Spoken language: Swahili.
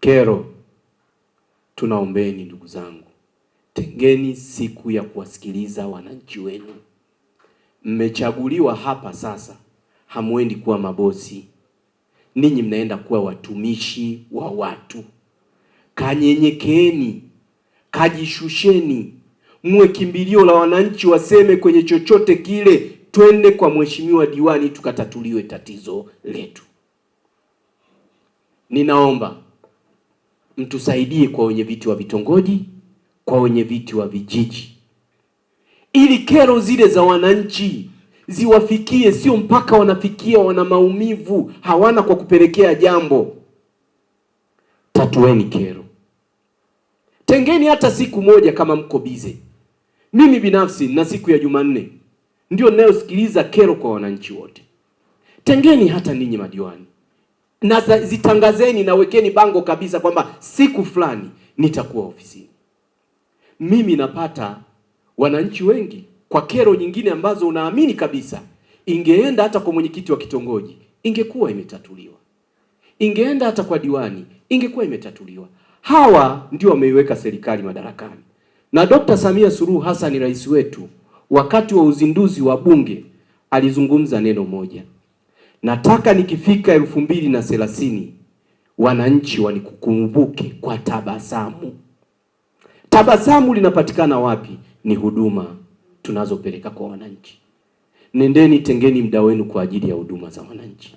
Kero tunaombeni, ndugu zangu, tengeni siku ya kuwasikiliza wananchi wenu. Mmechaguliwa hapa sasa, hamwendi kuwa mabosi, ninyi mnaenda kuwa watumishi wa watu. Kanyenyekeeni, kajishusheni, muwe kimbilio la wananchi, waseme kwenye chochote kile, twende kwa mheshimiwa diwani tukatatuliwe tatizo letu. Ninaomba mtusaidie kwa wenye viti wa vitongoji, kwa wenye viti wa vijiji, ili kero zile za wananchi ziwafikie, sio mpaka wanafikia wana maumivu hawana kwa kupelekea jambo. Tatueni kero, tengeni hata siku moja kama mko bize. Mimi binafsi na siku ya Jumanne ndio ninayosikiliza kero kwa wananchi wote. Tengeni hata ninyi madiwani na zitangazeni na wekeni bango kabisa kwamba siku fulani nitakuwa ofisini. Mimi napata wananchi wengi kwa kero nyingine ambazo unaamini kabisa ingeenda hata kwa mwenyekiti wa kitongoji ingekuwa imetatuliwa, ingeenda hata kwa diwani ingekuwa imetatuliwa. Hawa ndio wameiweka serikali madarakani. Na Dr. Samia Suluhu Hassan rais wetu, wakati wa uzinduzi wa bunge alizungumza neno moja Nataka nikifika elfu mbili na thelathini wananchi wanikukumbuke kwa tabasamu. Tabasamu linapatikana wapi? Ni huduma tunazopeleka kwa wananchi. Nendeni, tengeni muda wenu kwa ajili ya huduma za wananchi.